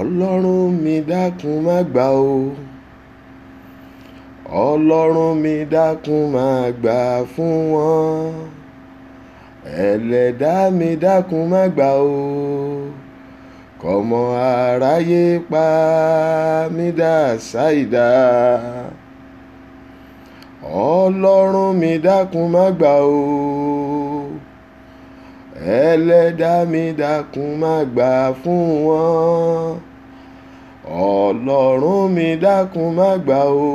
ọlọ́run mi dákun má gbà o ọlọ́run mi dákun má gbà fún wọn ẹlẹ́dá mi dákun má gbà o kọmọ aráyé pa mí dà ṣáìdá ọlọ́run mi dákun má gbà o ẹlẹ́dàá mi dákun má gbà fún wọn ọlọ́run mi dákun má gbà o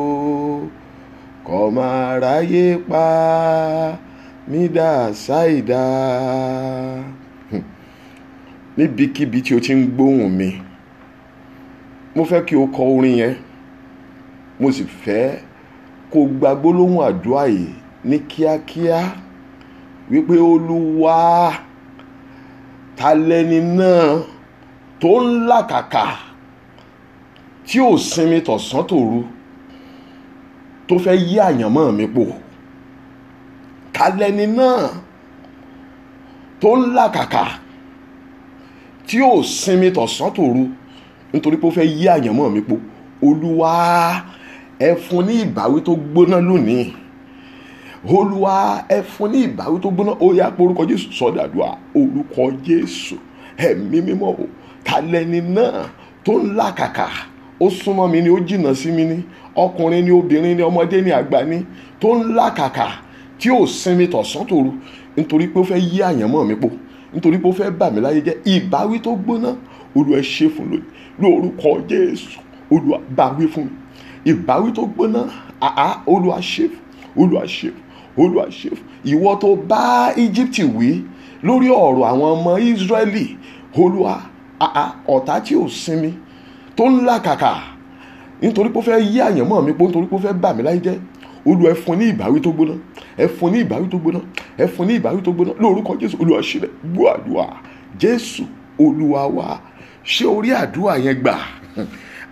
kọ́ máa ráyé pa mí dà ṣáìdá. níbikíbi tí o ti ń gbóhùn mi mo fẹ́ kí o kọ orin yẹn mo sì fẹ́ kó gba gbólóhùn àdúrà yìí ní kíákíá wípé olúwa ta lẹni náà tó ń làkàkà tí ò sinmi tọ̀sán tòru tó fẹ́ yí àyànmọ́ mi pò ta lẹni náà tó ń làkàkà tí ò sinmi tọ̀sán tòru nítorí pé ó fẹ́ yí àyànmọ́ mi pò olúwa ẹ fún ní ìbáwí tó gbóná lónìí olúwa ẹ fún ní ìbáwí tó gbóná ó yá porúkọ jésù sọdàdúà orúkọ jésù ẹ̀mí mímọ́ o kàlẹ́ni náà tó ń làkàkà ó súnmọ́ mi ni ó jìnnà sí mi ni ọkùnrin ni obìnrin ni ọmọdé ni àgbà ni tó ń làkàkà tí ò sinmi tọ̀sán tòru nítorí pé ó fẹ́ yí àyànmọ́ mi po nítorí pé ó fẹ́ bà mí láyé jẹ́ ìbáwí tó gbóná olúwa ṣe fún lónìí lórúkọ jésù olúwa báwí fún mi ìbáwí tó gbóná àá olúwa ṣe olúwa ṣe fún olúwa ṣe fún ìwọ tó bá Íjíbítì wí lórí ọ̀rọ̀ àwọn ọmọ Ísírẹ́lì olúwa ọ̀tá tí ò sinmi tó ń làkàkà nítorí pé ó fẹ́ yí àyànmọ́ mi pé nítorí pé ó fẹ́ bà mí láyé jẹ́ olúwa ẹ fún ní ìbáwí tó gbóná ẹ fún ní ìbáwí tó gbóná ẹ fún ní ìbáwí tó gbóná lórúkọ Jésù olúwa gbọ́ àdúrà Jésù olúwa wa ṣé orí àdúrà yẹn gbà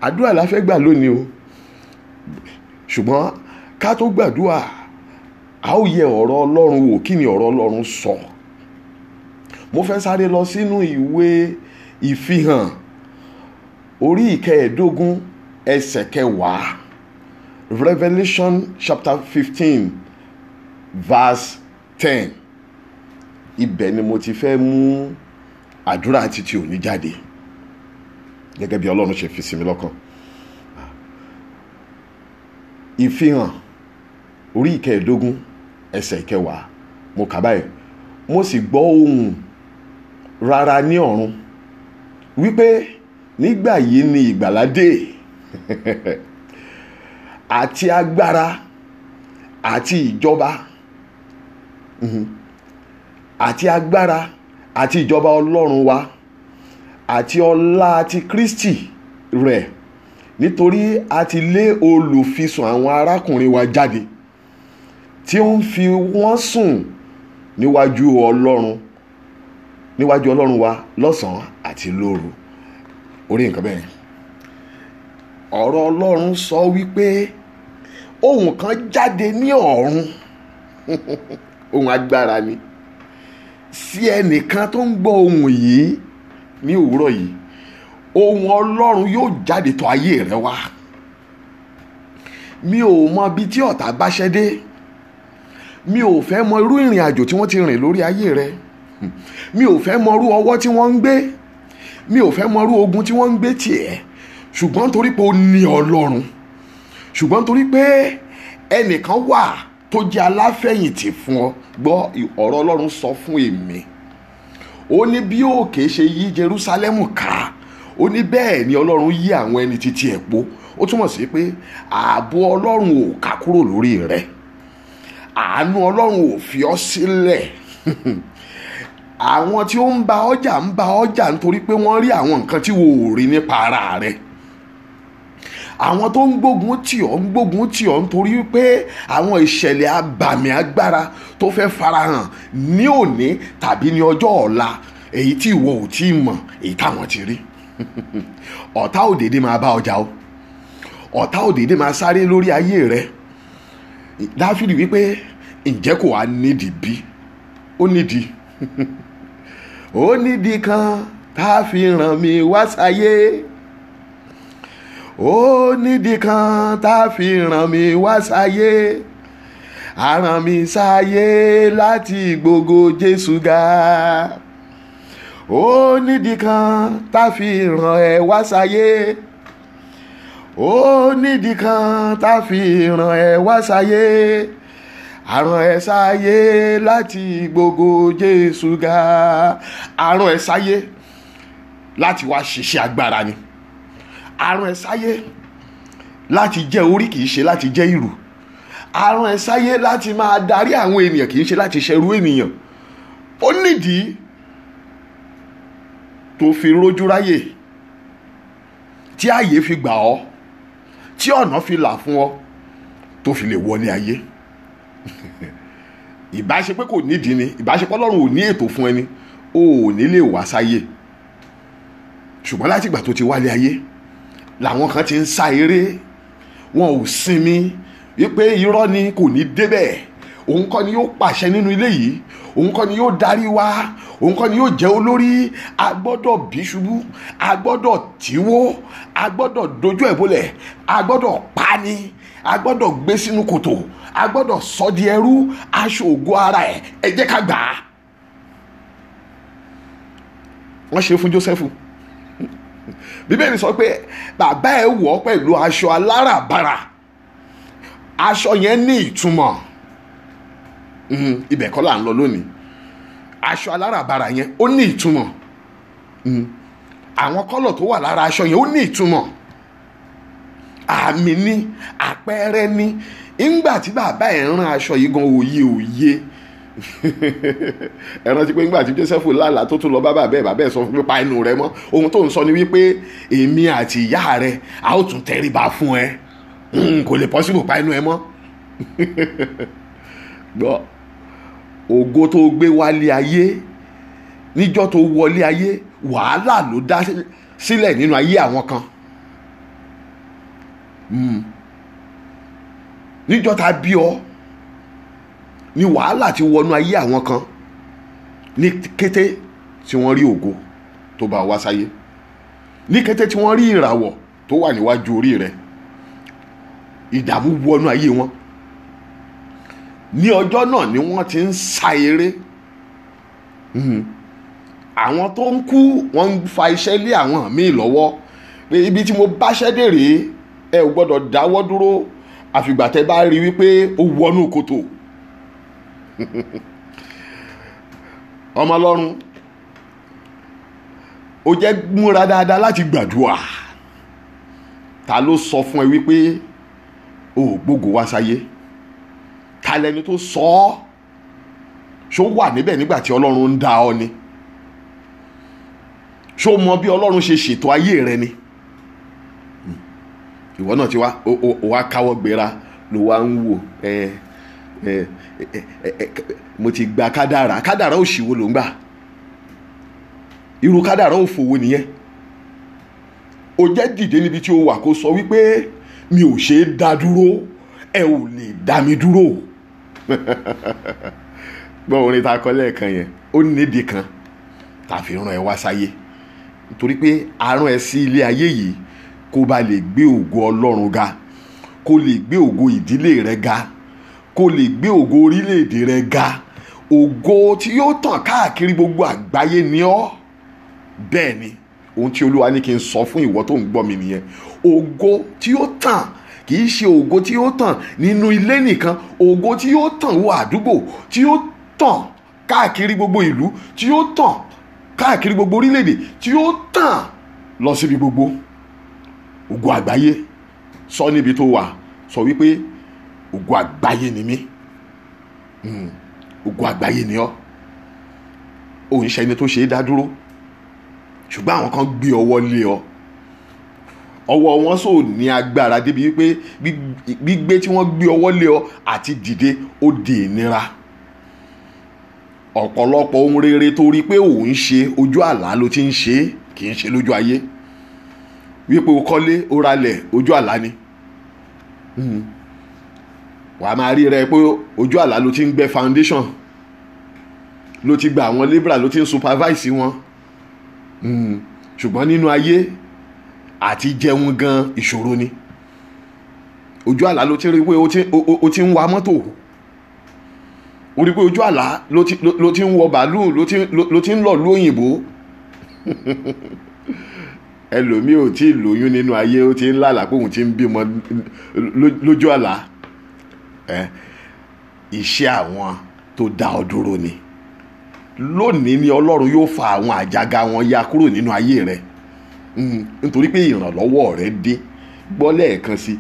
àdúrà la fẹ́ gbà lónìí o ṣùgbọ́n ká tó gbàdúrà a ó yẹ ọ̀rọ̀ ọlọ́run wò kí ni ọ̀rọ̀ ọlọ́run sọ mo fẹ́ sáré lọ sínú ìwé ìfihàn orí ìkẹẹ̀ẹ́dógún ẹsẹ̀ kẹwàá Revelation chapter fifteen verse ten ibẹ̀ ni mo ti fẹ́ mú àdúrà títí òní jáde gẹ́gẹ́ bí ọlọ́run ṣe fi sí lọ́kàn ìfihàn orí ìkẹẹ̀ẹ́dógún ẹsẹ̀ ìkẹwàá mo kà báyìí mo sì gbọ́ ohùn rara ní ọ̀run wípé nígbà yìí ni ìgbàlà dé àti agbára àti ìjọba mhm, àti agbára àti ìjọba ọlọ́run wa àti ọlá ti Kristi rẹ̀ nítorí a ti lé olùfisùn àwọn arákùnrin wa jáde tí ó ń fi wọ́n sùn níwájú ọlọ́run níwájú ọlọ́run wa lọ́sàn-án àti lóru orí nǹkan bẹ́ẹ̀ ọ̀rọ̀ ọlọ́run sọ wípé ohun kan jáde ní ọ̀run ohun agbára ni sí ẹnìkan tó ń gbọ́ ohun yìí ní òwúrọ̀ yìí ohun ọlọ́run yóò jáde tọ̀ ayé rẹ wá mi ò mọ ibi tí ọ̀tá bá ṣẹ́ dé mi ò fẹ́ mọ irú ìrìn àjò tí wọ́n ti rìn lórí ayé rẹ mi ò fẹ́ mọ irú ọwọ́ tí wọ́n ń gbé mi ò fẹ́ mọ irú ogun tí wọ́n ń gbé tiẹ̀ ṣùgbọ́n torí pé o ní ọlọ́run ṣùgbọ́n torí pé ẹnìkan wà tó jẹ́ aláfẹ̀yìntì fún ọ gbọ́ ọ̀rọ̀ ọlọ́run sọ fún èmi ó ní bí òkè ṣe yí Jerúsálẹ́mù ká ó ní bẹ́ẹ̀ ni ọlọ́run yí àwọn ẹni títí ẹ̀ po ó túmọ̀ sí pé ààbò ọlọ́run ò ká kúrò lórí rẹ̀ àánú ọlọ́run ò fi ọ́ sílẹ̀ àwọn tí ó ń ba ọjà ń ba ọjà nítorí pé wọ́n rí àwọn nǹkan tí wò ó rí nípa ara rẹ̀ àwọn tó ń gbógun tì ọ́ ń gbógun tì ọ́ nítorí pé àwọn ìṣẹ̀lẹ̀ abàmì agbára tó fẹ́ farahàn ní òní tàbí ní ọjọ́ ọ̀la èyí tí ìwọ ò tí ì mọ̀ èyí táwọn ti rí ọ̀tá òdèdè máa bá ọjà o ọ̀tá òdèdè máa sáré lórí ayé rẹ̀ dáfídì wípé ǹjẹ́ kò wá nídìí bí ó nídìí ó nídìí kan tá a fi ràn mí wá sáyé ó nídìí kan tá a fi ràn mí wá sáyé àràn mi sáyé láti gbogbo jésù ga ó nídìí kan tá a fi ràn ẹ́ wá sáyé ó nídìí kan tá a fi ràn ẹ́ wá sáyé àrùn ẹ̀ sáyé láti gbogbo Jésù ga àrùn ẹ̀ sáyé láti wá ṣiṣẹ́ agbára ni àrùn ẹ̀ sáyé láti jẹ́ orí kìí ṣe láti jẹ́ ìrù àrùn ẹ̀ sáyé láti máa darí àwọn ènìyàn kìí ṣe láti ṣerú ènìyàn ó nídìí tó fi rójú ráyè tí ààyè fi gbà ọ́ tí ọ̀nà fi là fún ọ tó fi lè wọ ní ayé ìbáṣepé kò nídìí ni ìbáṣepé ọlọ́run ò ní ètò fún ẹni o ò ní lè wá sáyé ṣùgbọ́n láti ìgbà tó ti wálé ayé làwọn kan ti ń sa eré wọn ò sinmi wípé irọ́ ni kò ní débẹ̀ òun kọ́ ni yóò pàṣẹ nínú ilé yìí òun kọ́ ni yóò darí wa òun kọ́ ni yóò jẹ́ olórí a gbọ́dọ̀ bí tíwó a dojú ẹ̀ bolẹ̀ a pani a gbọ́dọ̀ gbé sínú kòtò a gbọ́dọ̀ sọ di ẹrú aṣọ ògo ara ẹ̀ ẹ jẹ́ ká gbà á wọ́n ṣe fún Jósẹ́fù bíbélì sọ pé bàbá ẹ̀ wọ̀ pẹ̀lú aṣọ aláràbarà aṣọ yẹn ní ìtumọ̀ Mhm. ibẹ̀ kọ́ là ń lọ lónìí aṣọ aláràbarà yẹn ó ní ìtumọ̀ mhm. àwọn kọ́lọ̀ tó wà lára aṣọ yẹn ó ní ìtumọ̀ àmì ni àpẹẹrẹ ni ńgbà tí bàbá ẹ̀ rán aṣọ yìí gan òye òye ẹ pé ńgbà tí Joseph lálà tó tún lọ bá bàbá ẹ̀ bàbá ẹ̀ sọ fún pípa inú rẹ mọ́ ohun tó ń sọ ni wípé èmi àti ìyá rẹ a ó tún tẹríba fún ẹ hmm, kò lè possible pa inú ẹ mọ́ ògo tó gbé wálé ayé níjọ́ tó wọlé ayé wàhálà ló dá sílẹ̀ nínú ayé àwọn kan hmm. níjọ́ tá bí ọ ni wàhálà ti wọnú ayé àwọn kan ní kété tí wọ́n rí ògo tó bá wá sáyé ní kété tí wọ́n rí ìràwọ̀ tó wà níwájú orí rẹ̀ ìdààmú wọnú ayé wọn ní ọjọ́ náà ni wọ́n ti ń sa eré hmm. àwọn tó ń kú wọ́n ń fa iṣẹ́ lé àwọn míì lọ́wọ́ pé ibi tí mo báṣẹ́ dé rèé ẹ ò gbọ́dọ̀ dáwọ́ dúró àfìgbà tẹ́ bá rí wípé ó wọnú kòtò ọmọ ọlọ́run ó jẹ́ múra dáadáa láti gbàdúrà ta ló sọ fún ẹ wípé o ò gbógo wá sáyé ta lẹni tó sọ ọ́ ṣó wà níbẹ̀ nígbà tí ọlọ́run ń dá ọ ni ṣó mọ bí ọlọ́run ṣe ṣètò ayé rẹ ni hmm. ìwọ náà ti wá o wá káwọ́ gbéra ló wá ń wò ẹ ẹ mo ti gba kádàrá kádàrá òṣìwò ló ń gbà irú kádàrá òfòwò nìyẹn o jẹ́ dìde níbi tí o wà kó sọ wípé mi ò ṣe é dá dúró ẹ ò lè dá mi dúró. gbọ́ orin ta kọ lẹ́ẹ̀kan yẹn ó nídìí kan tàfi ràn ẹ́ wá sáyé nítorí pé àrùn ẹ̀ sí ilé ayé yìí kó ba lè gbé ògo ọlọ́run ga kó lè gbé ògo ìdílé rẹ ga kó lè gbé ògo orílẹ̀-èdè rẹ ga ògo tí yóò tàn káàkiri gbogbo àgbáyé ni ọ́ bẹ́ẹ̀ ni ohun tí olúwa ní kí n sọ fún ìwọ tó ń gbọ́ mi nìyẹn ògo tí ó tàn kì í ṣe ògo tí ó tàn nínú ilé nìkan ògo tí ó tàn wọ àdúgbò tí ó tàn káàkiri gbogbo ìlú tí ó tàn káàkiri gbogbo orílẹ̀-èdè tí ó tàn lọ síbi gbogbo ògo àgbáyé sọ níbi tó wà sọ wípé ògo àgbáyé ni mí hmm, ògo àgbáyé ni ọ́ òun ṣẹni tó ṣe é dá dúró ṣùgbọ́n àwọn kan gbé ọwọ́ lé ọ ọwọ́ wọn sò ní agbára débi wípé gbígbé tí wọ́n gbé ọwọ́ lé ọ àti dìde ó di ìnira ọ̀pọ̀lọpọ̀ ohun rere tó rí pé òun ṣe ojú àlá ló ti ń ṣe é kì í ṣe lójú ayé wípé o kọ́lé o ralẹ̀ ojú àlá ni hmm. wàá máa rí rẹ pé ojú àlá ló ti ń gbẹ́ foundation ló ti gba àwọn labourer ló ti ń supervise wọn. Si Mm. ṣùgbọ́n nínú ayé àti jẹun gan ìṣòro ni ojú àlá ló ti rí pé o ti ń wa mọ́tò o rí pé ojú àlá ló ti ń wọ bàálù ló ti ń lọ lú òyìnbó ẹlòmíì ò tí ì lóyún nínú ayé ó ti ń lálà pé òun ti ń bímọ lójú àlá iṣẹ́ àwọn tó dá ọ dúró ni lónìí ni ọlọ́run yóò fa àwọn àjàgà wọn ya kúrò nínú ayé rẹ hmm, nítorí pé ìrànlọ́wọ́ rẹ dé gbọ́ lẹ́ẹ̀kan sí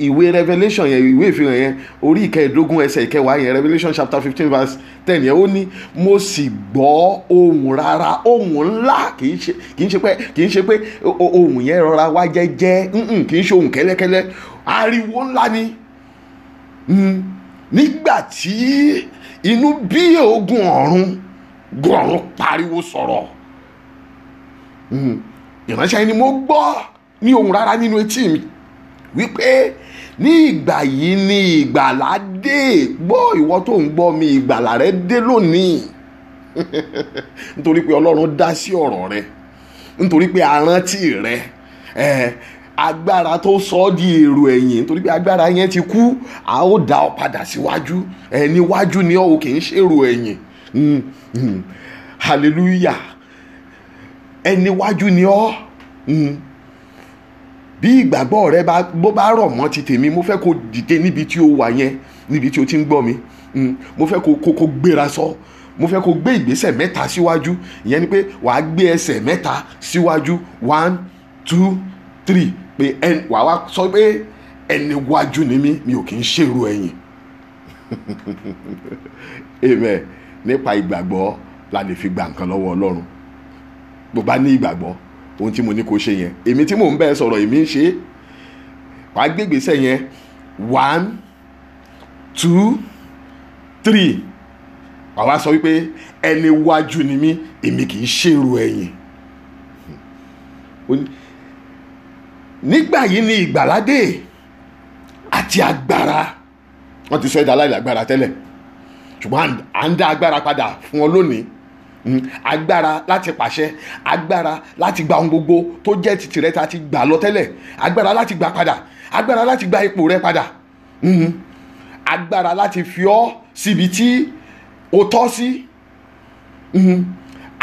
ìwé revelation yẹn ìwé ìfihàn yẹn orí ìkẹẹ̀ẹ́dógún ẹsẹ̀ ìkẹwàá yẹn revelation chapter fifteen verse ten yẹn ó ní mo sì gbọ́ ohùn rárá ohùn ńlá kì í ṣe pé kì í ṣe pé ohùn yẹn rọra wá jẹ́jẹ́ kì í ṣe ohùn kẹ́lẹ́kẹ́lẹ́ ariwo ńlá ni hmm, nígbà tí inú bí ogun ọ̀run gbọ́rọ̀ pariwo sọ̀rọ̀ hmm. ìránṣẹ́ ni mo gbọ́ ní ohun rárá nínú etí mi wípé ní ìgbà yìí ni ìgbàlà dé gbọ́ ìwọ tó ń gbọ́ mi ìgbàlà rẹ dé lónìí nítorí pé ọlọ́run dá sí ọ̀rọ̀ rẹ nítorí pé arántí rẹ agbára tó sọ ọ́ di èrò ẹ̀yìn nítorí pé agbára yẹn ti kú a ó dá ọ padà síwájú ẹ níwájú ni ọ ò kì í ṣèrò ẹ̀yìn Mm, mm. hallelujah ẹniwájú ni ọ́ mm. bí ìgbàgbọ́ rẹ bó bá rọ̀ mọ́ ti tèmi mo fẹ́ kó dìde níbi tí o wà yẹn níbi tí o ti ń gbọ́ mi mo fẹ́ kó kó gbéra sọ mo fẹ́ kó gbé ìgbésẹ̀ mẹ́ta síwájú ìyẹn ni pé wàá gbé ẹsẹ̀ mẹ́ta síwájú one two three pé wàá wá sọ pé ẹni wájú ni mí mi ò kì í ṣèrú ẹ̀yìn amen nípa ìgbàgbọ́ la lè fi gba nǹkan lọ́wọ́ ọlọ́run bó bá ní ìgbàgbọ́ ohun tí mo ní kó ṣe yẹn èmi tí mò ń bẹ́ẹ̀ sọ̀rọ̀ èmi ń ṣe wàá gbégbèsè yẹn one two three àwa sọ wípé ẹni wájú ni mí èmi kì í ṣèrò ẹ̀yìn nígbà yìí ni ìgbàládé àti agbára wọ́n ti sọ ẹ̀dá aláìlágbára tẹ́lẹ̀ ṣùgbọ́n à ń dá agbára padà fún wọn lónìí hmm. agbára láti pàṣẹ agbára láti gba ohun gbogbo tó jẹ́ ti tìrẹ ta ti gbà lọ tẹ́lẹ̀ agbára láti gbà padà agbára láti gba ipò rẹ padà hmm. agbára láti fi ọ́ síbi tí o tọ́ sí hmm.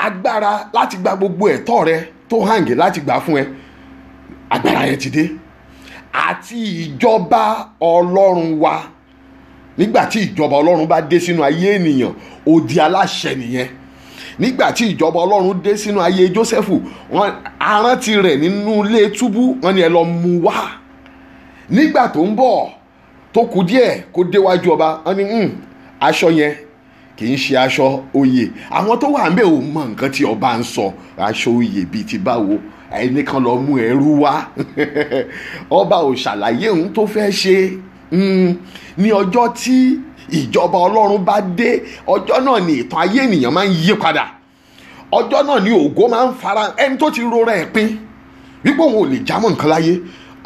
agbára láti gba gbogbo ẹ̀tọ́ rẹ tó hàǹgì láti gbà fún ẹ agbára yẹn ti dé àti ìjọba ọlọ́run wa nígbà tí ìjọba ọlọ́run bá dé sínú ayé ènìyàn ó di aláṣẹ nìyẹn nígbà tí ìjọba ọlọ́run dé sínú ayé Jósẹ́fù wọn arántí rẹ̀ nínú ilé túbú wọn ni ẹ lọ mú wá nígbà tó ń bọ̀ tó kù díẹ̀ kó déwájú ọba wọn ni hmm, aṣọ yẹn kì í ṣe aṣọ oyè àwọn tó wà ńbẹ̀ ò mọ nǹkan tí ọba ń sọ aṣọ oyè bíi ti báwo ẹnìkan lọ mú ẹrú wá ọba ò ṣàlàyé òun tó fẹ́ ṣe Hmm, ní ọjọ́ tí ìjọba ọlọ́run bá dé ọjọ́ náà ni ìtàn ayé ènìyàn máa ń yí padà ọjọ́ náà ni ògo máa ń fara ẹni tó ti rora ẹ̀ pin wípé òun ò lè jámọ́ nǹkan láyé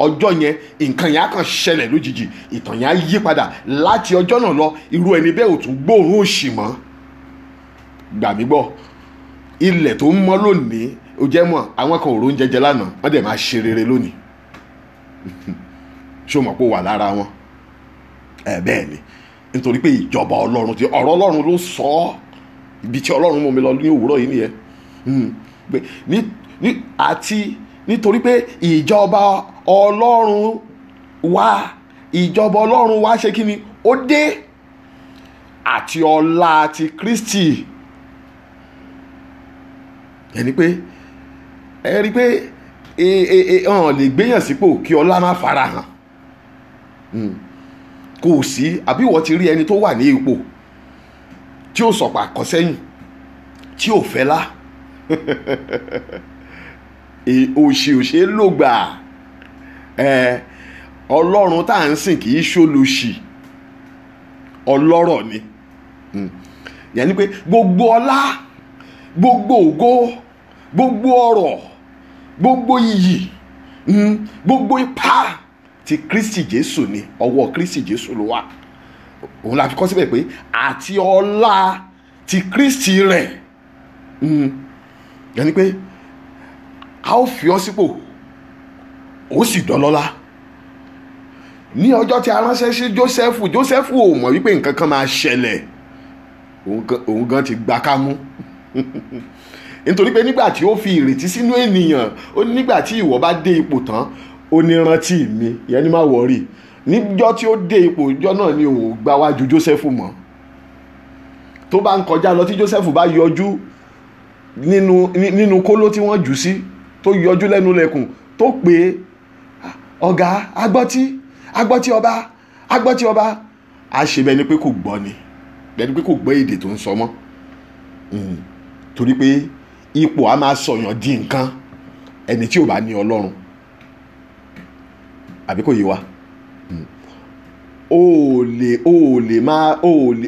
ọjọ́ yẹn nǹkan yẹn á kàn ṣẹlẹ̀ lójijì ìtàn yẹn á yí padà láti ọjọ́ náà lọ irú ẹni bẹ́ẹ̀ ò tún gbóòórùn òṣì mọ́ gbà mí gbọ́ ilẹ̀ tó ń mọ́ lónìí ó jẹ́ mọ́ àwọn kan ò róúnjẹ jẹ lánàá wọ́n dẹ̀ máa ṣe rere lónìí ṣó mọ̀ pé ó wà lára wọn. ẹ ni nítorí pé ìjọba ọlọ́run ti ọ̀rọ̀ ọlọ́run ló sọ ọ́ ibi tí ọlọ́run mú mi lọ ní òwúrọ̀ yìí nìyẹn hmm. pé ní àti nítorí pé ìjọba ọlọ́run wá ìjọba ọlọ́run wá ṣe kí ni ó dé àti ọlá ti Kristi ẹni pé ẹ rí i pé hàn e, e, e, lè gbéyàn sípò kí ọlá má fara hàn. Hmm. kò sí àbí ìwọ ti rí ẹni tó wà ní ipò tí ò sọ̀pà kọ́ sẹ́yìn tí ò fẹ́ lá òṣè òṣè ló gbà ọlọ́run tá à ń sìn kì í ṣolóṣì ọlọ́rọ̀ ni hmm. yẹn pé gbogbo ọlá gbogbo ògo gbogbo ọrọ̀ gbogbo iyì hmm, gbogbo ipá ti kristi jésù ni ọwọ́ kristi jésù ló wà òun la fi kọ́ síbẹ̀ pé àti ọlá ti kristi rẹ̀ mm, yẹn ni pé a ó fi ọ́ sípò ó sì dọ́lọ́lá ní ọjọ́ tí a ránṣẹ́ sí jósẹ́fù jósẹ́fù ò mọ̀ wípé nǹkan kan máa ṣẹlẹ̀ òun gan ti gba ká mú nítorí pé nígbà tí ó fi ìrètí sínú ènìyàn ó nígbà tí ìwọ bá dé ipò tán ó ní rántí mi ìyẹn ní má wọ̀ọ́rì níjọ́ tí ó dé ipò ìjọ́ náà ni òun gba wájú Jósẹ́fù mọ́ tó bá ń kọjá lọ tí Jósẹ́fù bá yọjú nínú nínú kóló tí wọ́n jù sí tó yọjú lẹ́nu lẹ́kùn tó pé ọ̀gá agbọ́tí agbọ́tí ọba agbọ́tí ọba a ṣe bẹ́ẹ̀ ni pé kò gbọ́ ni bẹ́ẹ̀ ni pé kò gbọ́ èdè tó ń sọ mọ́ hmm, torí pé ipò a máa sọ̀yàn di nǹkan ẹni tí ò bá ní ọlọ́run àbí kò yé wa hmm. o ò lè o ò lè máa o ò lè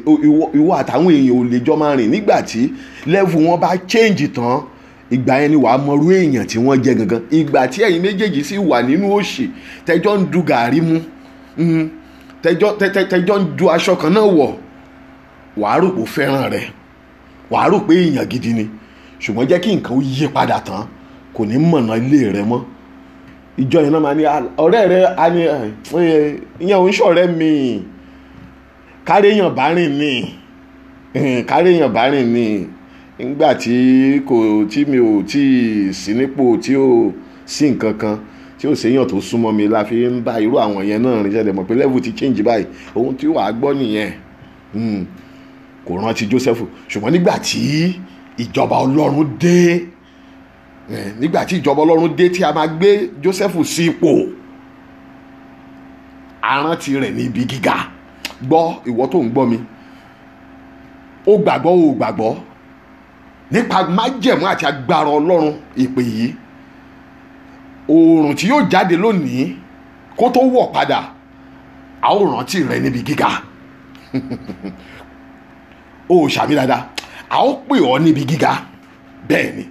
ìwọ àtàwọn èèyàn ò lè jọ máa rìn nígbà tí level wọn bá change tán ìgbà yẹn ni wàá mọrú èèyàn tí wọ́n jẹ gangan ìgbà tí ẹ̀yin méjèèjì sì wà nínú òṣì tẹjọ́ ń du gàrí mu hmm, tẹjọ́ ń du aṣọ kan náà wọ̀ wàá rò pé ó fẹ́ràn rẹ̀ wàá rò pé èèyàn gidi ni ṣùgbọ́n jẹ́ kí nǹkan yí padà tán kò ní mọ̀nà ilé rẹ̀ mọ́ ìjọ yẹn náà máa ní ah, ọ̀rẹ́ rẹ ah, ìyẹn òun ṣọ̀rẹ́ mi káréèyàn bá rìn ni káréèyàn bá rìn ni nígbà tí kò tí mi ò tí ì sí nípò tí ò sí nǹkan kan tí ò séyàn tó súnmọ́ mi la fi ń bá irú àwọn yẹn náà rìn ṣẹlẹ̀ mọ̀ pé level ti change báyìí ohun tí wàá gbọ́ nìyẹn hmm, kò rántí Joseph ṣùgbọ́n nígbà tí ìjọba Ọlọ́run dé Eh, nígbà tí ìjọba ọlọ́run dé tí a máa gbé Jósẹ́fù sí ipò arántí rẹ̀ ní ibi gíga gbọ́ ìwọ tó ń gbọ́ mi ó gbàgbọ́ ó gbàgbọ́ nípa májẹ̀mú àti agbára ọlọ́run ìpè yìí oòrùn tí yóò jáde lónìí kó tó wọ̀ padà a ó rántí rẹ níbi gíga o ò ṣàmì dáadáa a ó pè ọ́ níbi gíga bẹ́ẹ̀ ni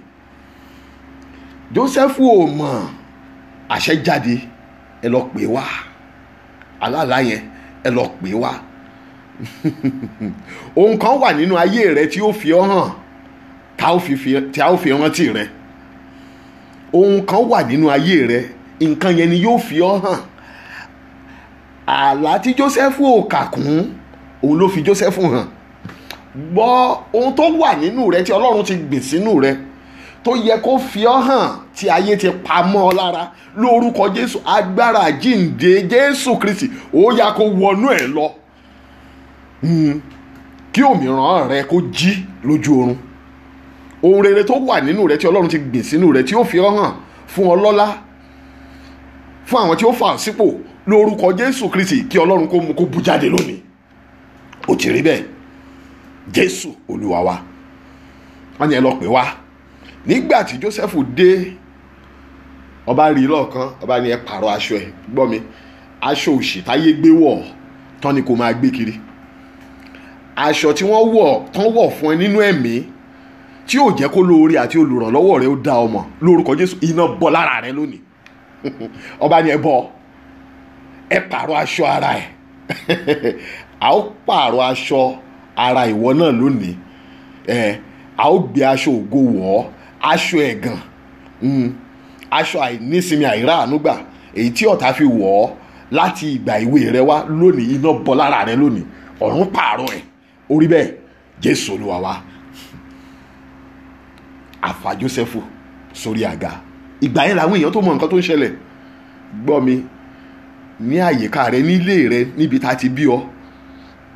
Joseph ò mọ̀ àṣẹ jáde ẹ lọ pè wá aláàlá yẹn ẹ lọ pè wá ohun kan wà nínú ayé rẹ tí ó fi ọ hàn tá ó fi rántí rẹ ohun kan wà nínú ayé rẹ nǹkan yẹn ni yóò fi ọ hàn àlá tí Joseph ò kà kún òun ló fi Joseph hàn gbọ́ ohun tó wà nínú rẹ tí Ọlọ́run ti gbìn sínú rẹ tó yẹ kó fi ọ́ hàn tí ayé ti pa mọ́ ọ lára lórúkọ jésù agbára jíǹde jésù kristi ó yá kó wọnú ẹ lọ hmm. kí òmíràn rẹ kó jí lójú oorun ohun rere tó wà nínú rẹ tí ọlọ́run ti gbìn sínú rẹ tí ó fi ọ́ hàn fún ọlọ́lá fún àwọn tí ó fà sípò lórúkọ jésù kristi kí ọlọ́run kó mú kó bú jáde lónìí ó ti rí bẹ́ẹ̀ jésù olúwa wa wọ́n ní lọ pè wá nígbà tí Jósẹ́fù dé ọba rí lọ́ọ̀kan ọba ní ẹ pààrọ̀ aṣọ ẹ gbọ́ mi aṣọ òṣì táyé gbé wọ̀ tán ni kò máa gbé kiri aṣọ tí wọ́n wọ̀ tán wọ̀ fún ẹ nínú ẹ̀mí tí yóò jẹ́ kó lóore àti olùrànlọ́wọ́ rẹ ó da ọmọ lórúkọ Jésù iná bọ́ lára rẹ lónìí ọba ni ẹ bọ́ ẹ pààrọ̀ aṣọ ara ẹ a ó pààrọ̀ aṣọ ara ìwọ náà lónìí ẹ a ó gbé aṣọ ògo wọ̀ ọ́ aṣọ ẹ̀gàn hmm. aṣọ àìnísinmi àìráàánú gbà èyí tí ọ̀tá fi wọ̀ ọ́ láti ìgbà ìwé rẹ wá lónìí iná bọ́ lára rẹ lónìí ọ̀run pààrọ̀ ẹ̀ orí bẹ́ẹ̀ jésù olúwa wa àfà jósẹ́fù sórí àga ìgbà yẹn làwọn èèyàn tó mọ nǹkan tó ń ṣẹlẹ̀ gbọ́ mi ní àyíká rẹ nílé rẹ níbi tá a ti bí ọ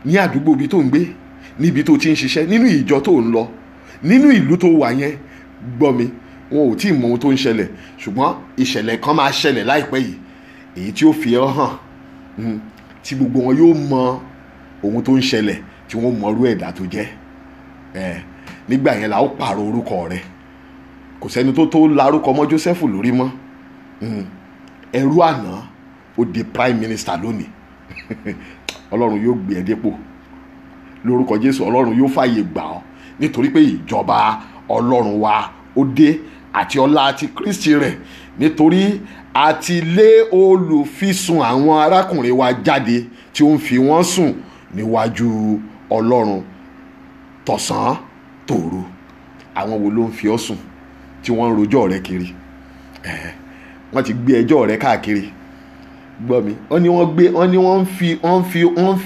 ní àdúgbò ibi tó ń gbé níbi tó ti ń ṣiṣẹ́ nínú ìjọ tó ń lọ nínú ìlú tó wà yẹn gbọ́ mi wọn ò tí ì mọ ohun tó ń ṣẹlẹ̀ ṣùgbọ́n ìṣẹ̀lẹ̀ kan máa ṣẹlẹ̀ láìpẹ́ yìí èyí tí ó fi ọ́ hàn hmm, tí gbogbo wọn yóò mọ ohun tó ń ṣẹlẹ̀ tí wọ́n mọ irú ẹ̀dá tó jẹ́ nígbà yẹn la ó pààrọ̀ orúkọ rẹ̀ kò sẹ́ni tó tó larúkọ mọ́ Joseph lórí mọ́ hmm, ẹrú àná ó di prime minister lónìí ọlọ́run yóò gbé ẹ dépò lórúkọ Jésù ọlọ́run yóò fàyè gbà ọ́ nítorí pé ìjọba ọlọ́run wa ó dé àti ọlá ti kristi rẹ̀ nítorí a ti lé olùfisùn àwọn arákùnrin wa jáde tí ó ń fi wọ́n sùn níwájú ọlọ́run tọ̀sán tòru àwọn wo ló ń fi ọ́ sùn tí wọ́n ń rojọ́ rẹ kiri wọ́n ti gbé ẹjọ́ rẹ káàkiri gbọ́ mi wọ́n ní wọ́n gbé wọ́n ní wọ́n ń fi wọ́n ń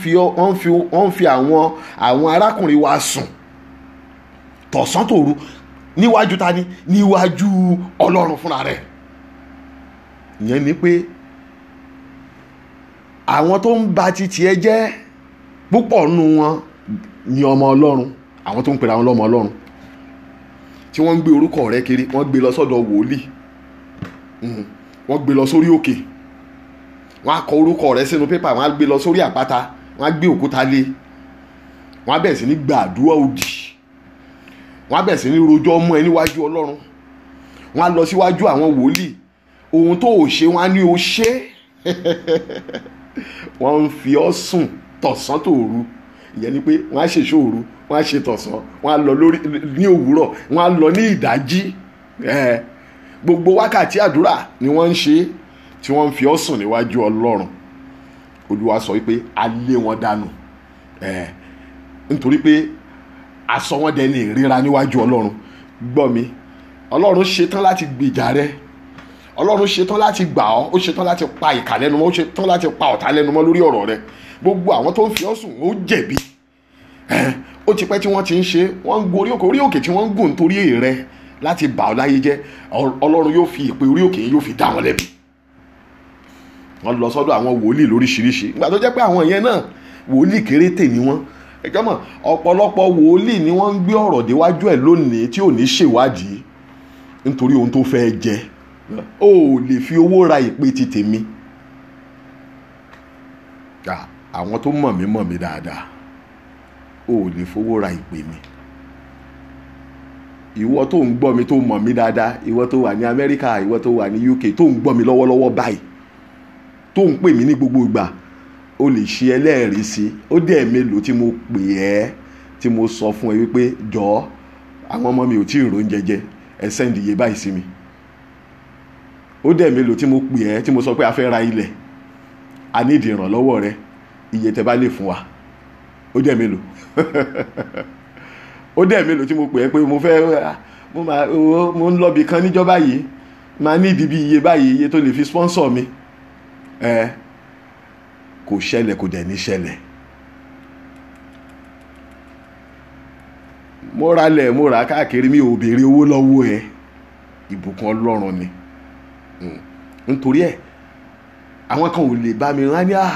fi wọ́n ń fi wọ́n ń fi àwọn àwọn arákùnrin wa sùn tọ̀sán tòru níwájú ta ni níwájú ọlọ́run fúnra rẹ̀ ìyẹn ni pé àwọn tó ń ba titi ẹ jẹ́ púpọ̀ nù wọn ni ọmọ ọlọ́run àwọn tó ń pera wọn lọ́mọ ọlọ́run tí wọ́n ń gbé orúkọ rẹ kiri wọ́n gbé lọ sọ́dọ̀ wòlíì mhm, wọ́n gbé lọ sórí òkè wọ́n á kọ orúkọ rẹ sínú pépà wọ́n á gbé lọ sórí àpáta wọ́n á gbé òkúta lé wọ́n á bẹ̀rẹ̀ sí ní gbàdúrà òdì wọ́n á bẹ̀rẹ̀ sí ní rojọ́ mú ẹ níwájú ọlọ́run wọ́n á lọ síwájú àwọn wòlíì ohun tó ò ṣe wọ́n á ní o ṣe wọ́n ń fi ọ́ sùn tọ̀sán tòru ìyẹn ni pé wọ́n á ṣe ṣòru wọ́n á ṣe tọ̀sán wọ́n á lọ lórí ní òwúrọ̀ wọ́n á lọ ní ìdájí gbogbo wákàtí àdúrà ni wọ́n ń ṣe tí wọ́n ń fi ọ́ sùn níwájú ọlọ́run olúwa sọ wípé a lé wọn dànù nítorí pé aṣọ wọn dẹni ìríra níwájú ọlọ́run gbọ́ mi ọlọ́run ṣetán láti gbèjà rẹ ọlọ́run ṣetán láti gbà ọ́ ó ṣetán láti pa ìkà lẹ́nu mọ́ ó ṣetán láti pa ọ̀tá lẹ́nu mọ́ lórí ọ̀rọ̀ rẹ gbogbo àwọn tó ń fi ọ́ sùn ó jẹ̀bi ó ti pẹ́ tí wọ́n ti ń ṣe wọ́n ń gun orí òkè orí òkè tí wọ́n ń gùn nítorí rẹ láti bà ọ́ láyé jẹ́ ọlọ́run yóò fi ìpè orí òkè yìí yóò fi dá wọn lẹ́bi wọ́n lọ sọ́dọ̀ àwọn wòlíì lóríṣiríṣi ìgbà tó jẹ́ pé àwọn yẹn náà wòlíì kéréte ni wọ́n ẹ̀jọ́ mọ̀ ọ̀pọ̀lọpọ̀ wòlíì ni wọ́n ń gbé ọ̀rọ̀ déwájú ẹ̀ lónìí tí ò ní ṣèwádìí nítorí ohun tó fẹ́ jẹ ó lè fi owó ra ìpè ti tèmi àwọn tó mọ̀ mí mọ̀ mí dáadáa ò lè fowó ra ìpè mi ìwọ tó ń gbọ́ mi tó mọ̀ mí dáadáa ìwọ tó wà ní Amẹ́ríkà ìwọ tó wà ní UK tó ń gbọ́ mi lọ́wọ́lọ́wọ́ báyìí tó ń pè mí ní gbogbo ìgbà o lè ṣe ẹlẹ́rìí sí ó dẹ̀ mélòó tí mo pè ẹ́ tí mo sọ fún ẹ wípé jọ̀ọ́ àwọn ọmọ mi ò tí ì rò ń jẹjẹ ẹ sẹ́ndì báyìí sí mi ó dẹ̀ mélòó tí mo pè ẹ́ tí mo sọ pé a fẹ́ ra ilẹ̀ a ní ìdí ìrànlọ́wọ́ rẹ iye tẹ bá lè fún wa ó dẹ̀ mélòó ó dẹ̀ mélòó tí mo pè ẹ́ pé mo fẹ́ mo ń lọ́bi kan níjọ́ báyìí máa ní ìdí bí iye báyìí iye tó lè fi sponsor mi ẹ̀ eh kò ṣẹlẹ̀ kò dẹ̀ ní ṣẹlẹ̀ mo ralẹ̀ mo rà káàkiri mi ò béèrè owó lọ́wọ́ ẹ ìbùkún ọlọ́run ni hmm. nítorí ẹ àwọn kan ò lè bá mi rán ní à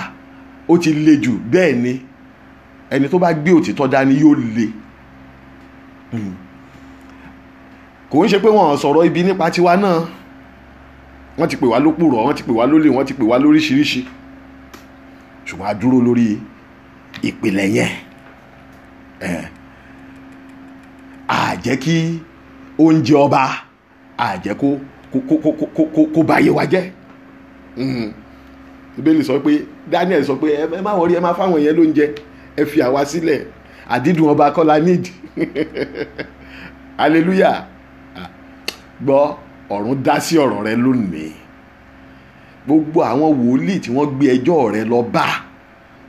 ó ti le jù bẹ́ẹ̀ ni ẹni tó bá gbé òtítọ́ dání yóò le hmm. kò ń ṣe pé wọ́n sọ̀rọ̀ ibi nípa tiwa náà wọ́n ti pè wá lópùrọ̀ wọ́n ti pè wá lólè wọ́n ti pè wá lóríṣiríṣi ṣùgbọ́n a dúró lórí ìpìlẹ̀ yẹn a jẹ́ kí oúnjẹ ọba a jẹ́ kó kó báyé wa jẹ́ bẹ́ẹ̀lì sọ pé Daniel sọ pé ẹ má wọrí ẹ má fáwọn yẹn lóúnjẹ ẹ fi àwa sílẹ̀ àdídùn ọba kọ́lá need hallelujah gbọ́ ọ̀run dá sí ọ̀rọ̀ rẹ lónìí gbogbo àwọn wòlíì tí wọ́n gbé ẹjọ́ rẹ lọ bá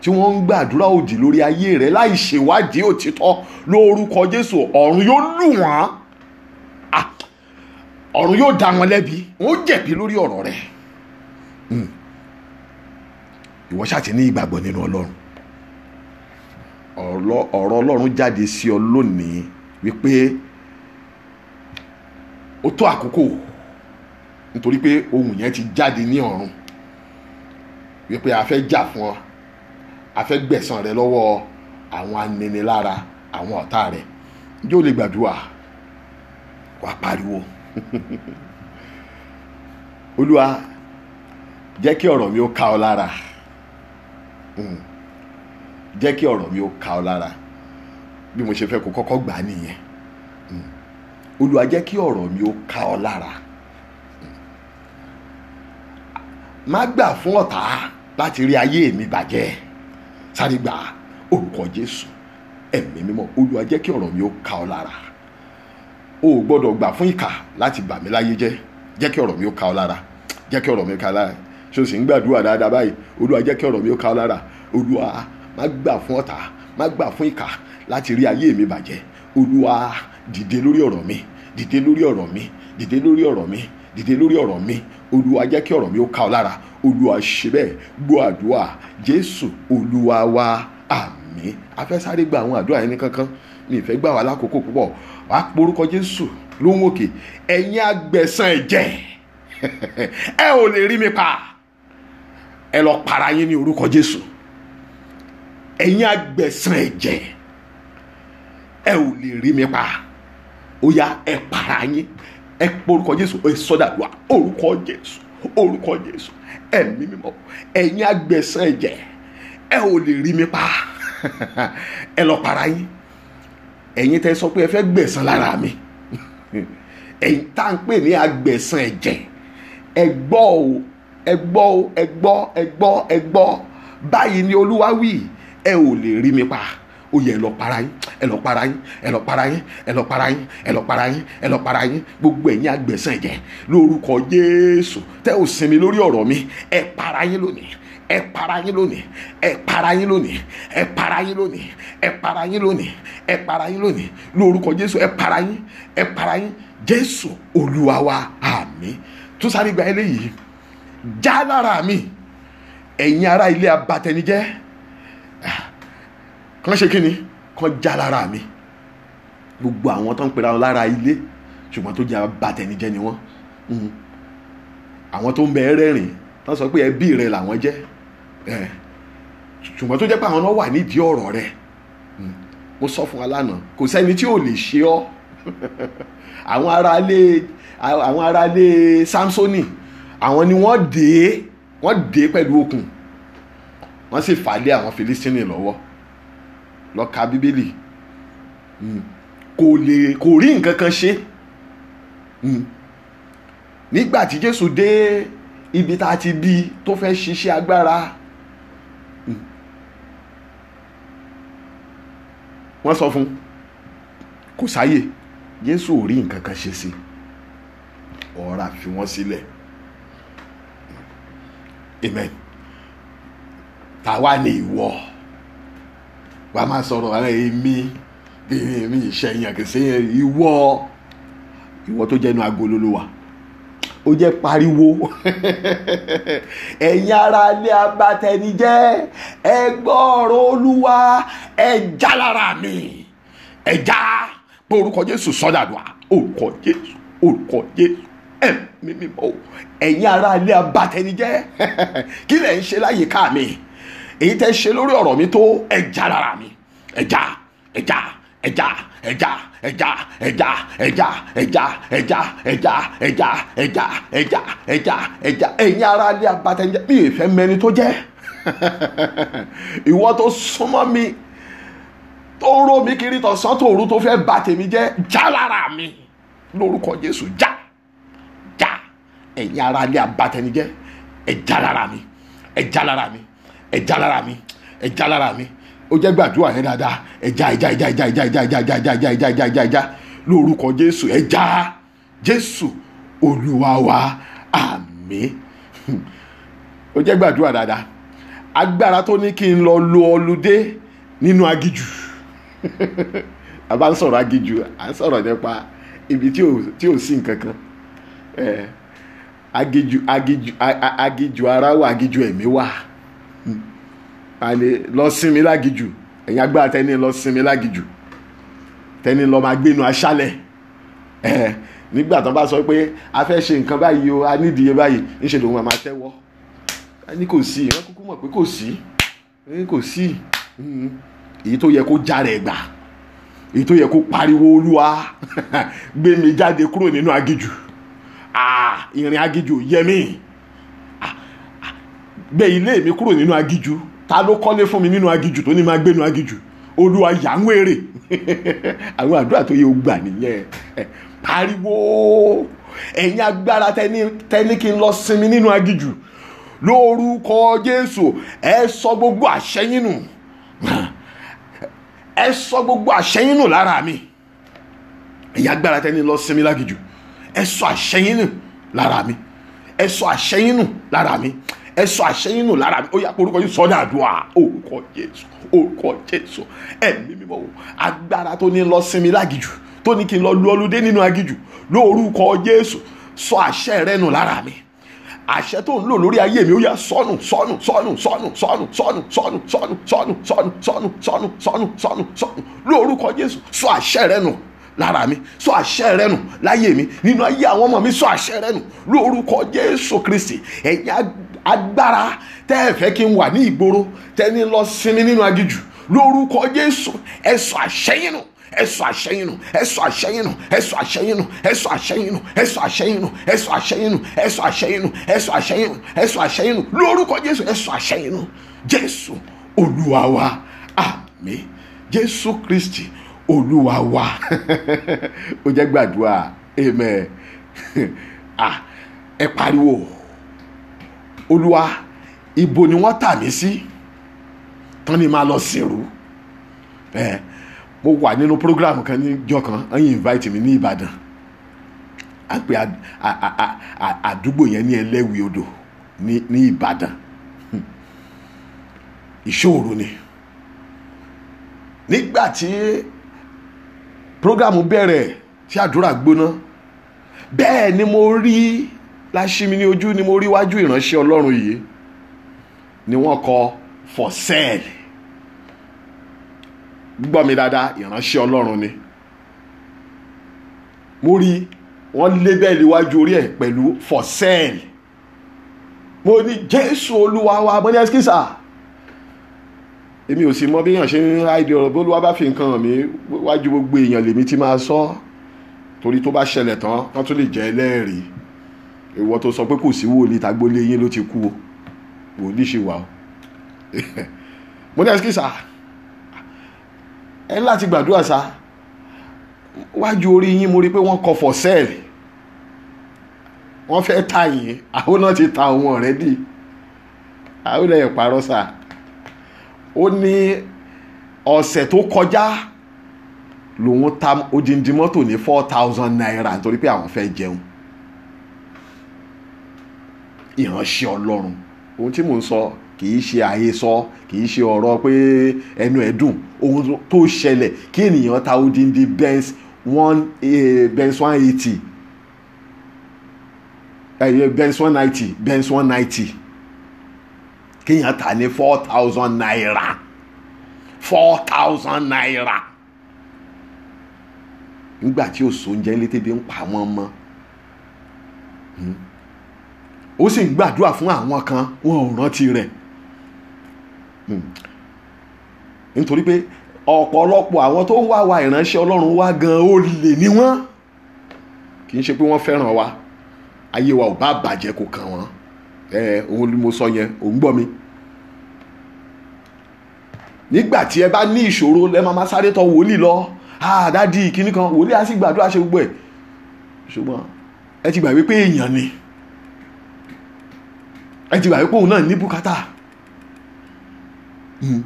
tí wọ́n ń gbàdúrà òdì lórí ayé rẹ láì ṣèwádìí òtítọ́ lórúkọ Jésù ọ̀run yóò lù wọ́n ọ̀run yóò dá wọn lẹ́bi wọn ó jẹ̀bi lórí ọ̀rọ̀ rẹ hmm. ìwọ ṣáàtì ní ìgbàgbọ́ nínú Ọlọ́run ọ̀rọ̀ Ọlọ́run jáde sí ọ lónìí wípé ó tó àkókò nítorí pé ohun yẹn ti jáde ní ọ̀run wípé a fẹ́ jà fún ọ a fẹ́ gbẹ̀san rẹ lọ́wọ́ àwọn aninilára àwọn ọ̀tá rẹ yóò lè gbàdúrà wàá pariwo olúwa jẹ́ kí ọ̀rọ̀ mi ó ká ọ lára hmm. jẹ́ kí ọ̀rọ̀ mi ó ká ọ lára bí mo ṣe fẹ́ kó kọ́kọ́ gbà á nìyẹn hmm. olúwa jẹ́ kí ọ̀rọ̀ mi ó ká ọ lára. má gbà fún ọ̀tá láti rí ayé mi bàjẹ́ sáré gbà orúkọ Jésù ẹ̀mí mímọ́ Olúwa jẹ́ kí ọ̀rọ̀ mi ó ká ọ lára o ò gbọ́dọ̀ gbà fún ìkà láti bà mí láyé jẹ́ jẹ́ kí ọ̀rọ̀ mi ó ká ọ lára jẹ́ kí ọ̀rọ̀ mi ó ká lára ṣé o sì ń gbàdúrà dáadáa báyìí Olúwa jẹ́ kí ọ̀rọ̀ mi ó ká ọ lára Olúwa má gbà fún ọ̀tá má gbà fún ìkà láti rí ayé mi bàjẹ́ Olúwa dìde lórí ọ̀rọ̀ mi dìde lórí ọ̀rọ̀ mi dìde lórí ọ̀rọ̀ mi dìde lórí ọ̀rọ̀ mi olúwa jẹ́ kí ọ̀rọ̀ mi ó ká ọ lára olúwa ṣe bẹ́ẹ̀ gbọ́ àdúrà jésù olúwa wa àmín afẹ́sáré gba àwọn àdúrà yẹn ní kankan mi ìfẹ́ gbà wá lákòókò púpọ̀ wàá porúkọ jésù lóhùn òkè ẹ̀yin agbẹ̀san ẹ̀jẹ̀ ẹ ò lè rí mi pa ẹ lọ para yín ní orúkọ jésù ẹ̀yin agbẹ̀san ẹ̀jẹ̀ ẹ ò lè rí mi pa ó yá ẹ para yín ẹ pé orúkọ jésù ẹ sọdàdúà orúkọ jésù orúkọ jésù ẹ̀mí mímọ́ ẹ̀yin agbẹ̀san ẹ̀jẹ̀ ẹ ò lè rí mi pa ẹ lọ para yín ẹ̀yin tẹ́ sọ pé ẹ fẹ́ gbẹ̀san lára mi ẹ̀yin tá à ń pè ní agbẹ̀san ẹ̀jẹ̀ ẹ gbọ́ o ẹ gbọ́ o ẹ gbọ́ ẹ gbọ́ ẹ báyìí ni olúwa wí ẹ ò lè rí mi pa ó yẹ ẹ lọ para yín ẹ lọ para yín ẹ lọ para yín ẹ lọ para yín ẹ lọ para yín ẹ lọ para yín gbogbo ẹ̀yin agbẹ̀san jẹ lórúkọ Jésù tẹ́ ò sinmi lórí ọ̀rọ̀ mi ẹ para yín lónìí ẹ para yín lónìí ẹ para yín lónìí ẹ para yín lónìí ẹ para yín lónìí ẹ para yín lónìí lórúkọ Jésù ẹ para yín ẹ para yín Jésù Olúwa wa tún sáré gba eléyìí já lára mi ẹ̀yin ará ilé abatẹnijẹ́ kan ṣe kí ni kan já lára mi gbogbo àwọn tó ń pera wọn lára ilé ṣùgbọ́n tó jẹ́ bàtẹ̀nijẹ́ ni wọ́n hmm. àwọn tó ń bẹ rẹ́rìn tó sọ pé ẹbí rẹ làwọn jẹ́ ṣùgbọ́n tó jẹ́ pé àwọn náà wà nídìí ọ̀rọ̀ rẹ hmm. mo sọ fún wa lánàá kò sẹ́ni tí ò lè ṣe ọ́ àwọn aráalé àwọn aráalé samsoni àwọn ni wọ́n dé wọ́n dé pẹ̀lú okùn wọ́n sì fà á lé àwọn filistini lọ́wọ́ lọ ka bíbélì hmm. kò lè kò rí nǹkan kan ṣe hmm. nígbà tí jésù dé ibi tá a ti bí tó fẹ́ ṣiṣẹ́ agbára hmm. wọ́n sọ fún kò sáyè jésù ò rí nǹkan kan ṣe sí ọ̀rá fi wọ́n sílẹ̀ amen tàwa ni ìwọ wàá máa sọ̀rọ̀ ara èmi èmi ìṣẹ̀yìn àkèsè ìwọ ìwọ tó jẹ́nu agolo ló wà ó jẹ́ pariwo ẹ̀yin ara ilé abatẹnijẹ́ ẹ gbọ́ ọ̀rọ̀ olúwa ẹ já lára mi ẹ já pé orúkọ jésù sọ́dàdùà orúkọ jésù orúkọ jésù ẹ̀mí mímọ́ ẹ̀yin ara ilé abatẹnijẹ́ kí lẹ̀ ń ṣe láyìíká mi èyí tẹ́ ṣe lórí ọ̀rọ̀ mi tó ẹja lára mi ẹja ẹja ẹja ẹja ẹja ẹja ẹja ẹja ẹja ẹja ẹja ẹja ẹja ẹja ẹja ẹyin ara lé agbatẹnjẹ mi ìfẹ́ mẹni tó jẹ́ ìwọ tó súnmọ́ mi tó ró mi kiri tọ̀sán tòru tó fẹ́ bà tèmi jẹ́ já lára mi lórúkọ Jésù já já ẹyin ara lé agbatẹnijẹ ẹja lára mi ẹja lára mi ẹja lára mi ẹja lára mi ó jẹ́ gbàdúrà yẹn dáadáa ẹja ẹja ẹja ẹja ẹja ẹja ẹja ẹja ẹja ẹja ẹja ẹja ẹja lórúkọ jésù ẹja jésù olúwa wa àmín ó jẹ́ gbàdúrà dáadáa agbára tó ní kí n lọ lo ọlùdé nínú agijù a bá ń sọ̀rọ̀ agijù à ń sọ̀rọ̀ nípa ibi tí ò sí nǹkan kan agijù agijù ara wà agijù ẹ̀mí wà ani lọ sinmi lágìjù ẹ̀yin agbára tẹ́ni lọ sinmi lágìjù tẹ́ni lọ máa gbénu aṣálẹ̀ ẹ̀ nígbà tó bá sọ pé a fẹ́ ṣe nǹkan báyìí o a nídìí báyìí níṣẹ́ lòun máa tẹ́wọ́ ní kò sí ìran kúkú mọ̀ pé kò sí kò sí hmm. èyí tó yẹ kó jarẹ̀ gbà èyí tó yẹ kó pariwo olúwa gbé mi jáde kúrò nínú agijù ìrìn agijù yẹ mí gbé ilé mi kúrò nínú agijù ta ló kọ́lé fún mi nínú agijù tó ní máa gbénu agijù olúwa yà ń wèrè àwọn àdúrà tó yẹ o gbà nìyẹn pariwo ẹ̀yin agbára tẹ́ni kí n lọ sinmi nínú agijù lórúkọ jésù ẹ sọ gbogbo àṣẹyìn nù ẹ sọ gbogbo àṣẹyìn nù lára mi ẹ̀yin agbára tẹ́ni lọ sinmi lágijù ẹ sọ àṣẹyìn nù lára mi ẹ sọ àṣẹyìn nù lára mi ẹ sọ àṣẹ yín nù lára mi ó yá orúkọ yín sọ ní àdúrà orúkọ Jésù orúkọ Jésù ẹ̀mí mímọ́ wò agbára tó ní lọ sinmi lágìjù tó ní kí n lọ lu ọlúdé nínú agíjù lórúkọ Jésù sọ àṣẹ rẹ nù lára mi àṣẹ tó ń lò lórí ayé mi ó yá sọnù sọnù sọnù sọnù sọnù sọnù sọnù sọnù sọnù sọnù sọnù sọnù sọnù sọnù lórúkọ Jésù sọ àṣẹ rẹ nù lára mi sọ àṣẹ rẹ nù láyé mi nínú ayé àwọn ọmọ mi sọ àṣẹ rẹ nù lórúkọ Jésù Kristi ẹ̀yin agbára tẹ́ ẹ fẹ́ kí n wà ní ìgboro tẹ́ ní lọ sinmi nínú aginjù lórúkọ Jésù ẹ sọ àṣẹ yín nù ẹsọ àṣẹyìn nù ẹsọ àṣẹyìn nù ẹsọ àṣẹyìn nù ẹsọ àṣẹyìn nù ẹsọ àṣẹyìn nù ẹsọ àṣẹyìn nù ẹsọ àṣẹyìn nù ẹsọ àṣẹyìn nù ẹsọ àṣẹyìn nù lórúkọ jésù ẹsọ àṣẹyìn nù jésù olúwa wa àmín jésù kristi olúwa wa ó jẹ́ gbàdúrà amen ah ẹ pariwo olúwa ibo ni wọ́n tà mí sí tán ni máa lọ sìnrú ẹ mo wà nínú program kan níjọ́ kan ẹ̀yin invite mi ní Ìbàdàn a pe àdúgbò yẹn ní ẹlẹ́wìí odò ní Ìbàdàn ìṣòro ni nígbà tí programu bẹ̀rẹ̀ tí àdúrà gbóná bẹ́ẹ̀ ni mo rí láṣìmí ní ojú ni mo rí wájú ìránṣẹ́ ọlọ́run yìí ni wọ́n kọ for sale gbọ́ mi dáadáa ìránṣẹ́ ọlọ́run ni mo rí wọ́n lé bẹ́ẹ̀lì wájú orí ẹ̀ pẹ̀lú for sale mo ní jésù olúwa wa mo ní ẹsikísà èmi ò sì mọ bí èèyàn ṣe ń ráìdì ọ̀rọ̀ bó lúwa bá fi nǹkan hàn mí wájú gbogbo èèyàn lèmi ti máa sọ torí tó bá ṣẹlẹ̀ tán wọ́n tún lè jẹ́ ẹlẹ́rìí ìwọ tó sọ pé kò sí wòlíì tágbólé yín ló ti kú o wòlíì ṣì wà o mo ní ẹsikí sá ẹ láti gbàdúrà sá wájú orí yín mo rí pé wọ́n kọ for sale wọ́n fẹ́ ta yín àwọn náà ti ta òun already àwọn ẹ̀ pààrọ̀ sáà ó ní ọ̀sẹ̀ tó kọjá lòun ta odindi mọ́tò ní four thousand naira nítorí pé àwọn fẹ́ jẹun ìránṣẹ́ ọlọ́run ohun tí mò ń sọ kì í ṣe àhesọ kì í ṣe ọ̀rọ̀ pé ẹnu ẹ̀ dùn ohun tó ṣẹlẹ̀ kí ènìyàn ta odindi Benz one eh, Benz one eighty eh, Benz one ninety Benz one ninety kéèyàn tà ní four thousand naira four thousand naira nígbà tí o sọ oúnjẹ ilé tẹ́bi ń pa wọ́n mọ́ hmm. ó sì ń gbàdúrà fún àwọn kan wọn ò rántí rẹ̀ hmm. nítorí pé ọ̀pọ̀lọpọ̀ àwọn tó ń wá wa ìránṣẹ́ Ọlọ́run wá gan ó lè ní wọ́n kì í ṣe pé wọ́n fẹ́ràn wa ayé wa ò bá bàjẹ́ kó kàn wọ́n ẹ òun ni mo sọ yẹn òun gbọ́ mi nígbà tí ẹ bá ní ìṣòro lẹ máa máa sáré tọ̀ wòlíì lọ àdádi ìkíní kan wòlíì á sì gbàdúrà ṣe gbogbo ẹ ṣùgbọ́n ẹ ti gbà wípé èèyàn ni ẹ ti gbà wípé òun náà ní bùkátà hmm.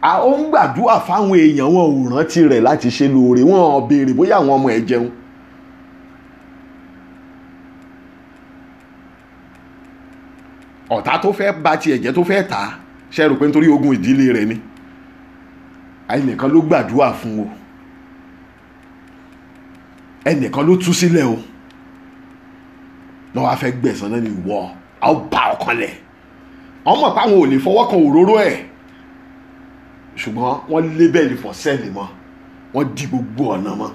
a ó ń gbàdúrà fáwọn èèyàn wọn ò rántí rẹ̀ láti ṣe lóore wọn ò béèrè bóyá àwọn ọmọ ẹ jẹun ọ̀tá tó fẹ́ ba tiẹ̀ jẹ́ tó fẹ́ tà ṣe rò pé nítorí ogun ìdílé rẹ̀ ni ẹnìkan ló gbàdúrà fún o ẹnìkan ló tú sílẹ̀ o lọ́wọ́ afẹ́ gbẹ̀sán náà ni wọ́ a ó ba ọkàn lẹ̀ ọmọ táwọn ò lè fọwọ́ kan òróró ẹ̀ ṣùgbọ́n wọ́n lébẹ̀lì fọ́ sẹ́ẹ̀lì mọ́ wọ́n di gbogbo ọ̀nà mọ́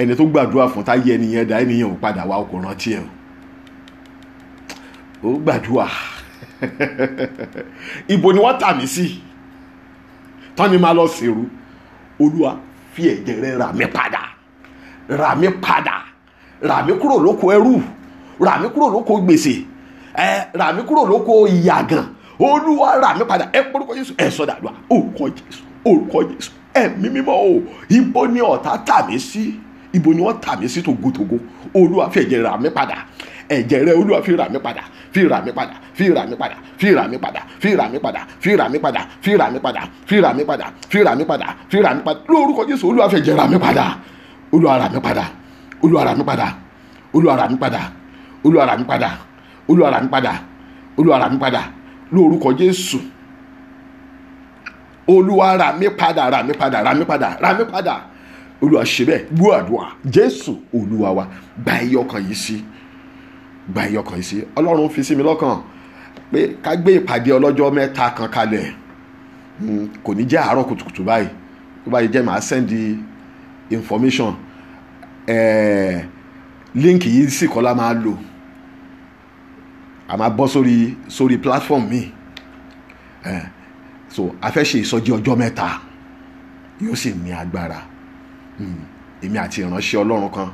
ẹni tó gbàdúrà fún táyé ẹnìyẹn dá ẹnìyẹn ò padà wá ọkọ̀ rántí ẹ̀ o ó gbàdúrà ibo ni wọ́n tà mí sí tán ni lọ sèrú olúwa fi ẹ̀jẹ̀ rẹ rà mí padà rà mí padà rà mí kúrò lóko ẹrú rà mí kúrò lóko gbèsè ẹ rà mí kúrò lóko ìyàgàn olúwa rà mí padà ẹ pọ́nkọ́ jésù ẹ sọ̀dà àdúrà orúkọ jésù orúkọ jésù ẹ̀mí mímọ́ o ibo ni ọ̀tá tà mí sí ibo ni wọ́n tà mí sí tògótògó olúwa fi ẹ̀jẹ̀ rà mí padà ẹ̀jẹ̀ rẹ olúwa fi rà mí padà fi rà mí padà fi rà mí padà fi rà mí padà fi rà mí padà fi rà mí padà fi rà mí padà fi rà mí padà fi rà mí padà fi rà mí padà lórúkọ jésù olúwa fẹ̀jẹ̀ rà mí padà olúwa rà mí padà olúwa rà mí padà olúwa rà mí padà olúwa rà mí padà olúwa rà mí padà olúwa rà mí padà lórúkọ jésù olúwa rà mí padà rà mí padà rà mí padà rà mí padà olúwa ṣe bẹ́ẹ̀ gbọ́ àdúrà jésù olúwa wa gba kan yìí sí i gba ìyọkàn yìí sí ọlọ́run fi sí mi lọ́kàn pé ká gbé ìpàdé ọlọ́jọ́ mẹ́ta kan kalẹ̀ hmm, kò ní jẹ́ àárọ̀ kùtùkùtù báyìí tó bá yẹ jẹ́ màá send the information eh, link yìí sì kọ́ la máa lò a máa bọ́ sórí sórí platform mi eh, so a fẹ́ ṣe ìsọjí ọjọ́ mẹ́ta yóò sì ní agbára hmm, èmi àti ìránṣẹ́ ọlọ́run kan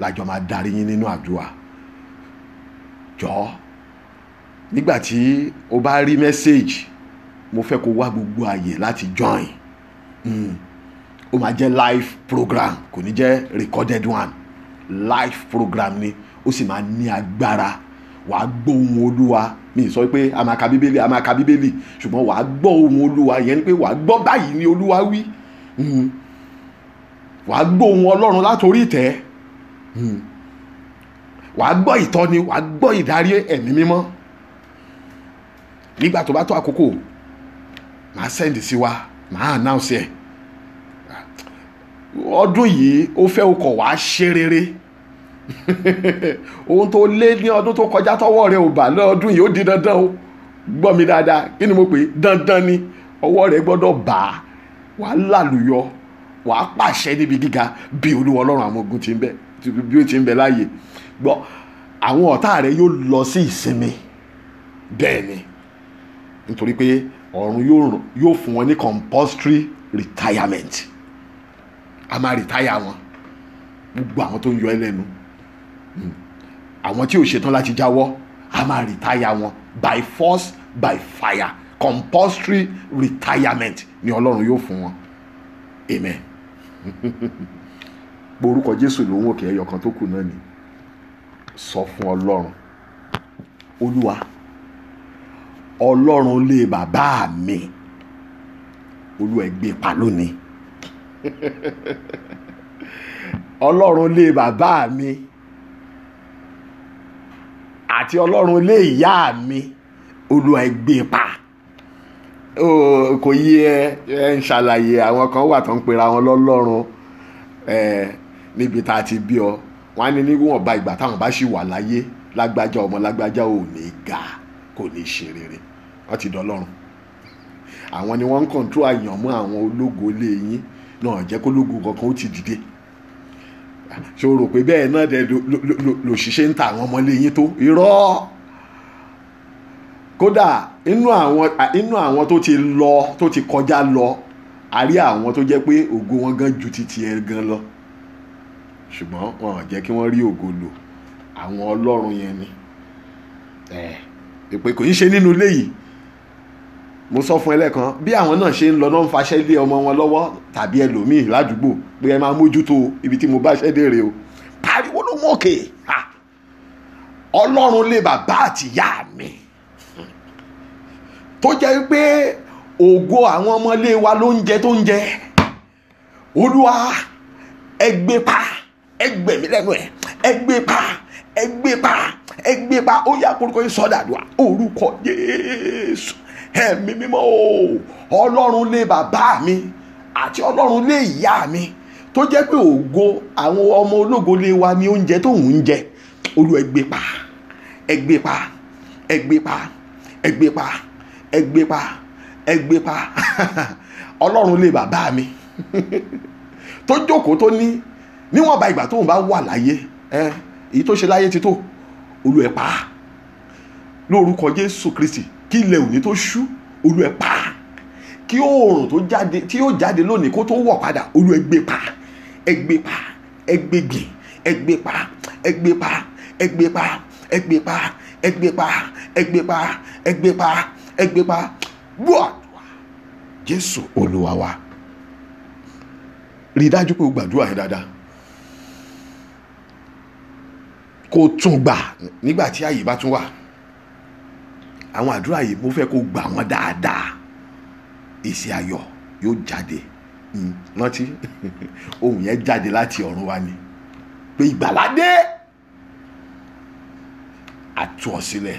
lájọ máa darí yín nínú àdúrà jọ̀ọ́ nígbà tí o bá rí mẹ́sáàgì mo fẹ́ kó wá gbogbo àyè láti join mm. ó máa jẹ́ live program kò ní jẹ́ recorded one live program ni ó sì máa ní agbára wàá gbọ́ ohùn olúwa mi sọ pé a máa ka bíbélì a máa ka bíbélì ṣùgbọ́n wàá gbọ́ ohùn olúwa yẹn ni pé wàá gbọ́ báyìí ni olúwa wí hmm. wàá gbọ́ ohùn ọlọ́run látòrí ìtẹ́. Hmm wàá gbọ́ ìtọ́ni wàá gbọ́ ìdarí ẹ̀mí mímọ́ nígbà tó bá tó àkókò màá sẹ́ndì sí wa màá announce ẹ̀ ọdún yìí ó fẹ́ o kọ̀ wá ṣe rere ohun tó lé ní ọdún tó kọjá tọ́wọ́ rẹ ò bà lọ́dún yìí ó di dandan o gbọ́ mi dáadáa kí ni mo pè dandan ni ọwọ́ rẹ gbọ́dọ̀ bà á wà làlùyọ wà pàṣẹ níbi gíga bí olúwa àwọn ogun ti ń bẹ bí ó ti ń bẹ láàyè gbọ́ àwọn ọ̀tá rẹ yóò lọ sí ìsinmi bẹ́ẹ̀ ni nítorí pé ọ̀run yóò fún wọn ní compulsory retirement a máa retire wọn gbogbo àwọn tó ń yọ ẹ lẹ́nu hmm. àwọn tí ò ṣetán láti jáwọ́ a máa retire wọn by force by fire compulsory retirement ni ọlọ́run yóò fún wọn amen gborúkọ jésù lòun òkè ẹyọ kan tó kù náà ni sọ fún ọlọ́run olúwa ọlọ́run lé bàbá mi olúwa gbé e pa lónìí ọlọ́run lé bàbá mi àti ọlọ́run lé ìyá mi olúwa gbé e pa kò yí ẹ ẹ ń ṣàlàyé àwọn kan wà tó ń pera wọn lọ́lọ́run níbi tá a ti bí ọ wọ́n á ní níwọ̀n ba ìgbà táwọn bá ṣì wà láyé lágbájá ọmọ lágbájá ò ní ga kò ní ṣe rere wọ́n ti dọ́lọ́run àwọn ni wọ́n ń kọ̀ǹtró àyànmọ́ àwọn ológo ilé yín náà jẹ́ kó lógo kankan ó ti dìde ṣe o rò pé bẹ́ẹ̀ náà dẹ lòṣìṣẹ́ ń ta àwọn ọmọ ilé yín tó irọ́ kódà inú àwọn tó ti lọ tó ti kọjá lọ a rí àwọn tó jẹ́ pé ògo wọn gan ju ti tiẹ̀ gan lọ ṣùgbọ́n wọn ò jẹ́ kí wọ́n rí ògo lò àwọn ọlọ́run yẹn ni ìpè kò ń ṣe nínú ilé yìí mo sọ fún ẹlẹ́kan bí àwọn náà ṣe ń lọ náà ń faṣẹ́ lé ọmọ wọn lọ́wọ́ tàbí ẹlòmíì ládùúgbò pé ẹ máa mójútó ibi tí mo bá ṣẹ́ dé o pariwo ló mú òkè ọlọ́run lé bàbá àtìyá mi tó jẹ́ pé ògo àwọn ọmọlé wa ló ń jẹ tó ń jẹ olúwa ẹgbẹ́ pa ẹ mi lẹ́nu ẹ̀ ẹ pa ẹ pa ẹ pa ó yá kórìkò yín sọ́dà àdúrà orúkọ Jésù ẹ̀mí mímọ́ o ọlọ́run lé bàbá mi àti ọlọ́run lé ìyá mi tó jẹ́ pé ògo àwọn ọmọ ológo lé wa ní oúnjẹ tó ń jẹ olú ẹ pa ẹ pa ẹ pa ẹ pa ẹ pa ẹ pa ọlọ́run lé bàbá mi tó jókòó tó ní níwọ̀n ba ìgbà tóun bá wà láyé ẹ èyí tó ṣe láyé ti tó olú ẹ̀ pa á lórúkọ jésù kristi kí ilẹ̀ òní tó ṣú olú ẹ̀ pa á kí oòrùn tó jáde tí yóò jáde lónìí kó tó wọ̀ padà olú ẹ̀ gbé pa ẹ̀ gbé pa ẹ̀ gbé gbìn ẹ̀ gbé pa ẹ̀ gbé pa ẹ̀ gbé pa ẹ̀ gbé pa ẹ̀ gbé pa ẹ̀ gbé pa ẹ̀ gbé pa ẹ̀ gbé pa gbọ́ àdúrà jésù olúwa wa rí i dájú pé o gbàdúrà yẹn dáadáa. kó tún gbà nígbà tí àyè bá tún wà àwọn àdúrà yìí mo fẹ́ kó gbà wọ́n dáadáa èsì ayọ̀ yóò jáde hmm, rántí ohun yẹn jáde láti ọ̀run wa ni pé ìgbàládé àtú ọ sílẹ̀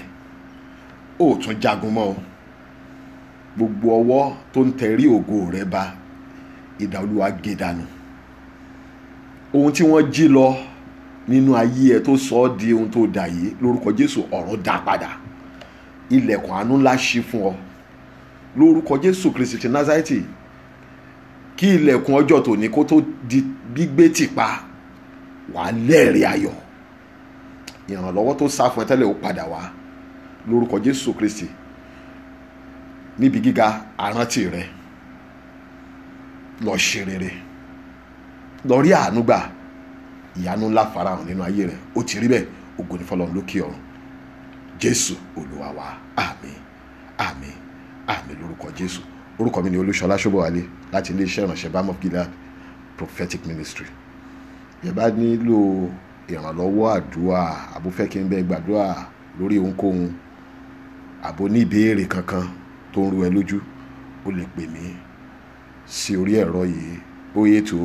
ó tún jagun mọ́ ọ gbogbo ọwọ́ tó ń tẹrí ògo rẹ ba ìdá gé dànù ohun tí wọ́n jí lọ nínú ayé ẹ tó sọ ọ́ di ohun tó dà yìí lórúkọ Jésù ọ̀run dá padà ilẹ̀kùn àánú ńlá ṣí fún ọ lórúkọ Jésù Kristi ti Násárẹ́tì kí ilẹ̀kùn ọjọ́ tòní kó tó di gbígbé tìpa wàá lẹ́ẹ̀rí ayọ̀ ìrànlọ́wọ́ tó sá fún ẹ tẹ́lẹ̀ ó padà wá lórúkọ Jésù Kristi níbi gíga àrántí rẹ lọ ṣe rere lọ rí àánú gbà ìyanu ńlá farahàn nínú ayé rẹ ó ti rí bẹ́ẹ̀ ògo ní fọlọ́run lókè ọ̀run jésù olúwa wa àmín àmín àmín lórúkọ jésù orúkọ mi ni olúṣọlá ṣọbọwálé láti iléeṣẹ́ ìrànṣẹ́ bámọ gíga prophetic ministry yẹ bá nílò ìrànlọ́wọ́ àdúrà àbúfẹ́ kí n bẹ gbàdúrà lórí ohunkóhun àbò ní ìbéèrè kankan tó ń ru ẹ lójú o lè pè mí sí orí ẹ̀rọ yìí ó yé tó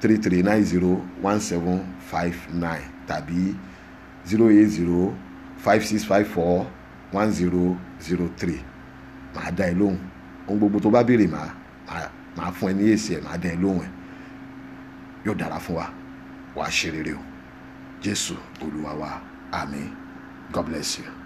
three three nine zero one seven five nine tàbí zero eight zero five six five four one zero zero three màá dá ẹ lóhùn ohun gbogbo tó bá béèrè màá màá fún ẹ ní èsì ẹ màá dá ẹ lóhùn ẹ yóò dára fún wa wàá ṣe rere o jésù olúwa wa àmín god bless you.